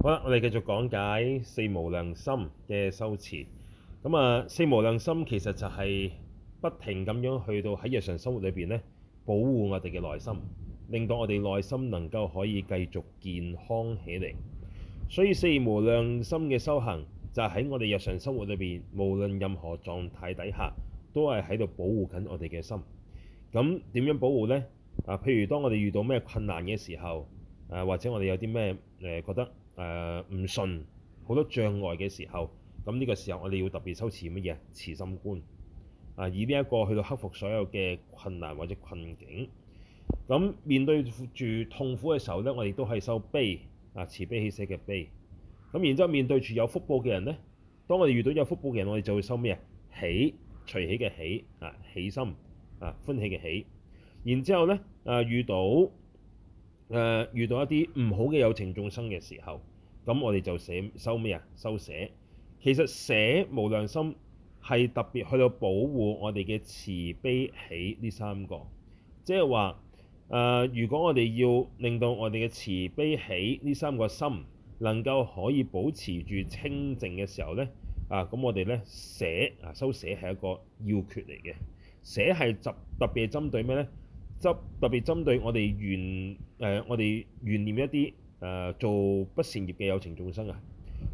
好啦，我哋繼續講解四無量心嘅修持。咁啊，四無量心其實就係不停咁樣去到喺日常生活裏面呢，保護我哋嘅內心，令到我哋內心能夠可以繼續健康起嚟。所以四無量心嘅修行就喺、是、我哋日常生活裏面，無論任何狀態底下，都係喺度保護緊我哋嘅心。咁點樣保護呢？啊，譬如當我哋遇到咩困難嘅時候、啊，或者我哋有啲咩、呃、覺得，誒唔、呃、順好多障礙嘅時候，咁呢個時候我哋要特別修持乜嘢？慈心觀啊，以呢一個去到克服所有嘅困難或者困境。咁面對住痛苦嘅時候呢，我哋都係修悲啊，慈悲喜捨嘅悲。咁然之後面對住有福報嘅人呢，當我哋遇到有福報嘅人，我哋就會修咩啊？喜隨喜嘅喜啊，喜心啊，歡喜嘅喜。然之後呢，啊，遇到誒、呃、遇到一啲唔好嘅有情眾生嘅時候，咁我哋就捨收咩啊？收捨，其實捨無量心係特別去到保護我哋嘅慈悲喜呢三個，即係話誒，如果我哋要令到我哋嘅慈悲喜呢三個心能夠可以保持住清淨嘅時候呢，啊咁我哋呢捨啊收捨係一個要訣嚟嘅，捨係特特別針對咩呢？特別針對我哋懸誒，我哋懸念一啲誒、呃、做不善業嘅有情眾生啊。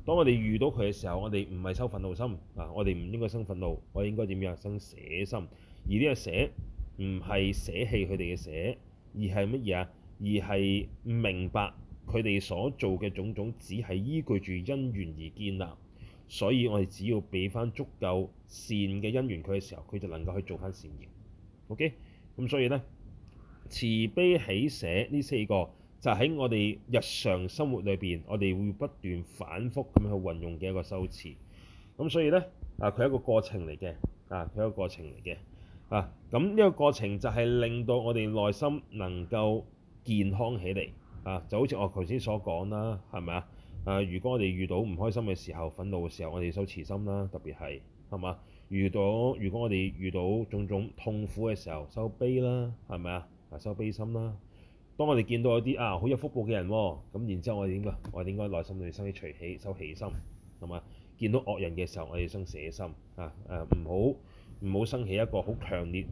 當我哋遇到佢嘅時候，我哋唔係收憤怒心啊！我哋唔應該生憤怒，我應該點樣生捨心？而呢個捨唔係捨棄佢哋嘅捨，而係乜嘢啊？而係明白佢哋所做嘅種種只係依據住因緣而建立，所以我哋只要俾翻足夠善嘅因緣佢嘅時候，佢就能夠去做翻善業。OK，咁所以呢。慈悲喜捨呢四個就喺、是、我哋日常生活裏邊，我哋會不斷反覆咁去運用嘅一個修持。咁所以呢，啊，佢係一個過程嚟嘅啊，佢係一個過程嚟嘅啊。咁呢個過程就係令到我哋內心能夠健康起嚟啊。就好似我頭先所講啦，係咪啊？啊，如果我哋遇到唔開心嘅時候、憤怒嘅時候，我哋修慈心啦，特別係係嘛。遇到，如果我哋遇到種種痛苦嘅時候，修悲啦，係咪啊？收悲心啦！當我哋見到一啲啊好有福報嘅人喎、啊，咁然之後我哋點啊？我哋應該內心裏面生起隨喜、收喜心，係嘛？見到惡人嘅時候，我哋生捨心啊！誒、啊，唔好唔好生起一個好強烈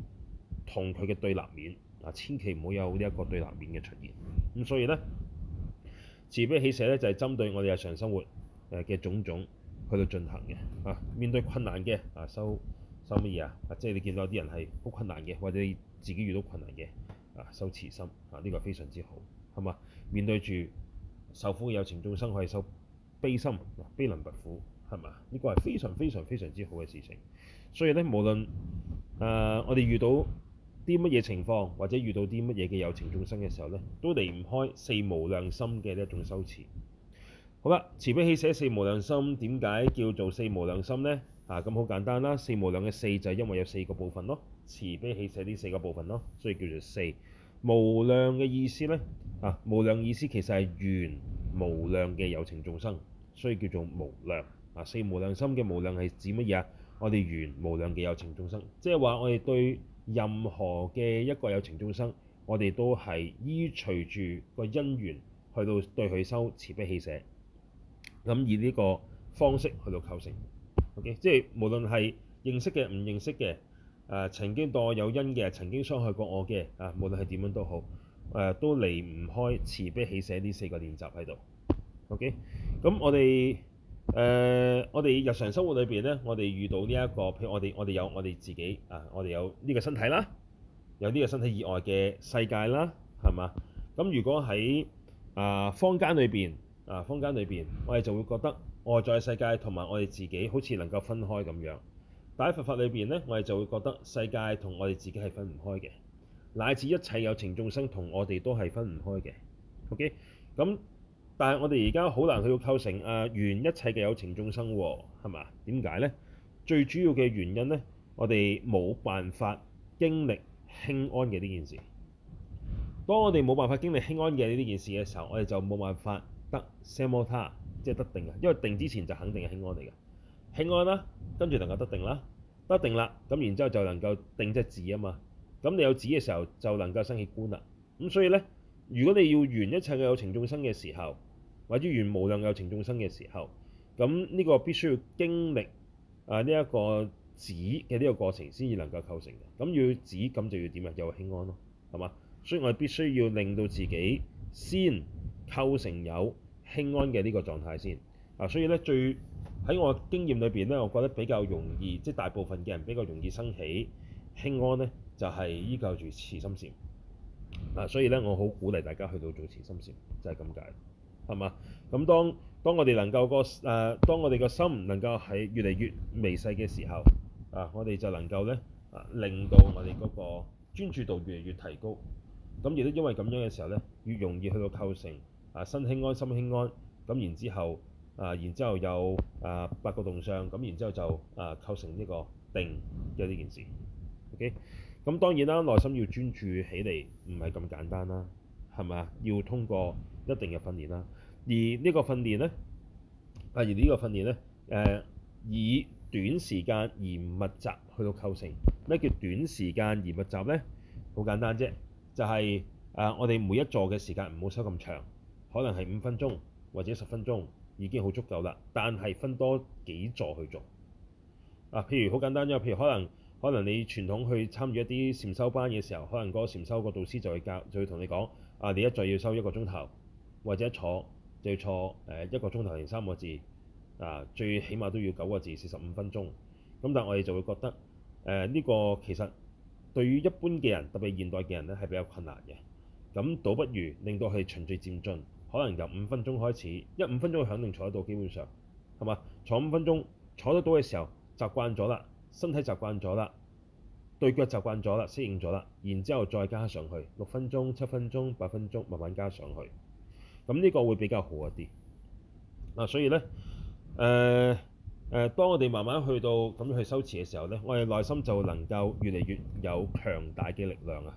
同佢嘅對立面啊！千祈唔好有呢一個對立面嘅出現。咁、啊、所以咧，慈悲喜捨咧就係、是、針對我哋日常生活誒嘅種種去到進行嘅啊！面對困難嘅啊，收收乜嘢啊？即係你見到有啲人係好困難嘅，或者你自己遇到困難嘅。啊，修慈心啊，呢、這個非常之好，係嘛？面對住受苦有情眾生，可以受悲心，悲能拔苦，係嘛？呢、這個係非常非常非常之好嘅事情。所以咧，無論誒、呃、我哋遇到啲乜嘢情況，或者遇到啲乜嘢嘅有情眾生嘅時候咧，都離唔開四無量心嘅一種修持。好啦，慈悲喜捨四無量心，點解叫做四無量心咧？啊，咁好簡單啦！四無量嘅四就係因為有四個部分咯，慈悲喜捨呢四個部分咯，所以叫做四無量嘅意思呢。啊，無量意思其實係緣無量嘅有情眾生，所以叫做無量。啊，四無量心嘅無量係指乜嘢？我哋緣無量嘅有情眾生，即係話我哋對任何嘅一個有情眾生，我哋都係依隨住個因緣去到對佢修慈悲喜捨，咁以呢個方式去到構成。Okay, 即係無論係認識嘅、唔認識嘅，誒、呃、曾經對我有恩嘅、曾經傷害過我嘅，啊、呃、無論係點樣都好，誒、呃、都離唔開慈悲喜捨呢四個練習喺度。O.K.，咁我哋誒、呃、我哋日常生活裏邊呢，我哋遇到呢、這、一個，譬如我哋我哋有我哋自己啊、呃，我哋有呢個身體啦，有呢個身體以外嘅世界啦，係嘛？咁如果喺啊、呃、坊間裏邊啊、坊間裏邊，我哋就會覺得。外在世界同埋我哋自己好似能夠分開咁樣，喺佛法裏邊呢，我哋就會覺得世界同我哋自己係分唔開嘅，乃至一切有情眾生同我哋都係分唔開嘅。OK，咁但係我哋而家好難去到構成誒緣、啊、一切嘅有情眾生，係咪啊？點解呢？最主要嘅原因呢，我哋冇辦法經歷輕安嘅呢件事。當我哋冇辦法經歷輕安嘅呢件事嘅時候，我哋就冇辦法得 samata 即係得定嘅，因為定之前就肯定係輕安嚟嘅，輕安啦，跟住能夠得定啦，得定啦，咁然之後就能夠定即係止啊嘛。咁你有止嘅時候，就能夠生起觀啦。咁所以呢，如果你要緣一切嘅有情眾生嘅時候，或者緣無量有情眾生嘅時候，咁呢個必須要經歷啊呢一個止嘅呢個過程先至能夠構成嘅。咁要止，咁就要點啊？又係輕安咯，係嘛？所以我哋必須要令到自己先構成有。興安嘅呢個狀態先啊，所以咧最喺我嘅經驗裏邊咧，我覺得比較容易，即、就、係、是、大部分嘅人比較容易生起興安咧，就係、是、依靠住慈心善啊，所以咧我好鼓勵大家去到做慈心善，就係咁解，係嘛？咁當當我哋能夠個誒，當我哋個、啊、心能夠喺越嚟越微細嘅時候啊，我哋就能夠咧啊，令到我哋嗰個專注度越嚟越提高，咁亦都因為咁樣嘅時候咧，越容易去到構成。啊，身輕安心輕安，咁然之後，然後啊，然之後有啊八個動相，咁然之後就啊構成呢個定嘅呢件事。OK，咁當然啦，內心要專注起嚟唔係咁簡單啦，係咪啊？要通過一定嘅訓練啦。而呢個訓練呢，啊而呢個訓練呢，誒、呃、以短時間而密集去到構成，咩叫短時間而密集呢？好簡單啫，就係、是、啊，我哋每一座嘅時間唔好收咁長。可能係五分鐘或者十分鐘已經好足夠啦，但係分多幾座去做嗱、啊，譬如好簡單啫，譬如可能可能你傳統去參與一啲禪修班嘅時候，可能嗰個禪修個導師就會教，就會同你講啊，你一再要收一個鐘頭，或者坐就要坐誒一個鐘頭定三個字啊，最起碼都要九個字四十五分鐘，咁但我哋就會覺得誒呢、啊這個其實對於一般嘅人，特別係現代嘅人咧係比較困難嘅，咁倒不如令到佢循序漸進。可能由五分鐘開始，一五分鐘肯定坐得到，基本上係嘛？坐五分鐘，坐得到嘅時候習慣咗啦，身體習慣咗啦，對腳習慣咗啦，適應咗啦，然之後再加上去六分鐘、七分鐘、八分鐘，慢慢加上去。咁呢個會比較好一啲嗱、啊。所以呢，誒、呃、誒、呃，當我哋慢慢去到咁樣去修持嘅時候呢，我哋內心就能夠越嚟越有強大嘅力量啊！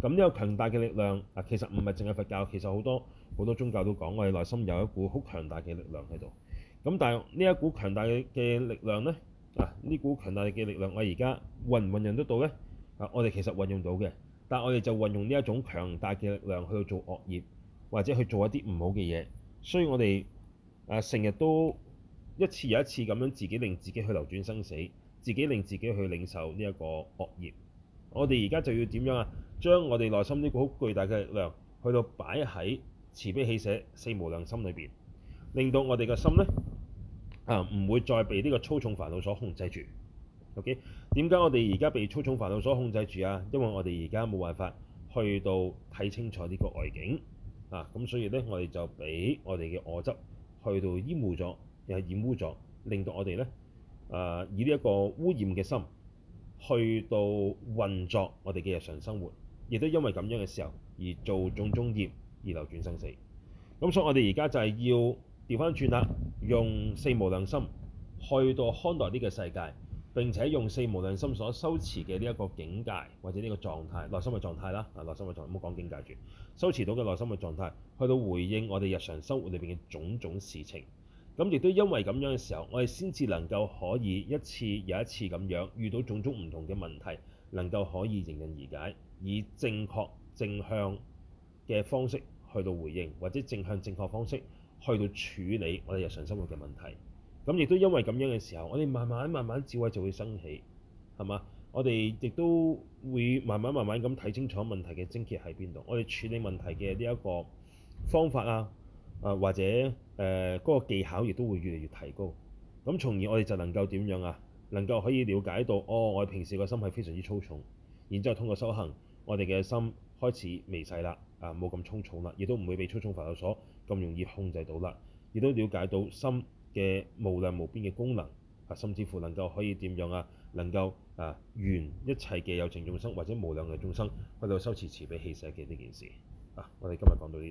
咁呢個強大嘅力量啊，其實唔係淨係佛教，其實好多。好多宗教都講，我哋內心有一股好強大嘅力量喺度。咁但係呢一股強大嘅力量呢？啊呢股強大嘅力量，我而家運唔運用得到呢？啊，我哋其實運用到嘅，但係我哋就運用呢一種強大嘅力量去做惡業，或者去做一啲唔好嘅嘢。所以我哋啊成日都一次又一次咁樣自己令自己去流轉生死，自己令自己去領受呢一個惡業。我哋而家就要點樣啊？將我哋內心呢股好巨大嘅力量，去到擺喺慈悲喜捨四無量心裏邊，令到我哋嘅心呢，啊，唔會再被呢個粗重煩惱所控制住。OK，點解我哋而家被粗重煩惱所控制住啊？因為我哋而家冇辦法去到睇清楚呢個外景啊，咁所以呢，我哋就俾我哋嘅我執去到淹沒咗，又係染污咗，令到我哋呢，啊，以呢一個污染嘅心去到運作我哋嘅日常生活，亦都因為咁樣嘅時候而做種種業。二流轉生死，咁所以我哋而家就係要調翻轉啦，用四無量心去到看待呢個世界，並且用四無量心所修持嘅呢一個境界或者呢個狀態，內心嘅狀態啦，啊，內心嘅狀態，唔好講境界住，修持到嘅內心嘅狀態，去到回應我哋日常生活裏邊嘅種種事情，咁亦都因為咁樣嘅時候，我哋先至能夠可以一次又一次咁樣遇到種種唔同嘅問題，能夠可以迎刃而解，以正確正向嘅方式去到回應，或者正向正確方式去到處理我哋日常生活嘅問題，咁亦都因為咁樣嘅時候，我哋慢慢慢慢智慧就會升起，係嘛？我哋亦都會慢慢慢慢咁睇清楚問題嘅症結喺邊度。我哋處理問題嘅呢一個方法啊，啊或者誒、呃嗰個技巧亦都會越嚟越提高。咁從而我哋就能夠點樣啊？能夠可以了解到，哦，我哋平時個心係非常之粗重，然之後通過修行，我哋嘅心開始微細啦。啊，冇咁粗重啦，亦都唔會被粗重煩惱所咁容易控制到啦，亦都了解到心嘅無量無邊嘅功能，啊，甚至乎能夠可以點樣啊，能夠啊，緣一切嘅有情眾生或者無量嘅眾生去到修持慈悲喜捨嘅呢件事，啊，我哋今日講到呢。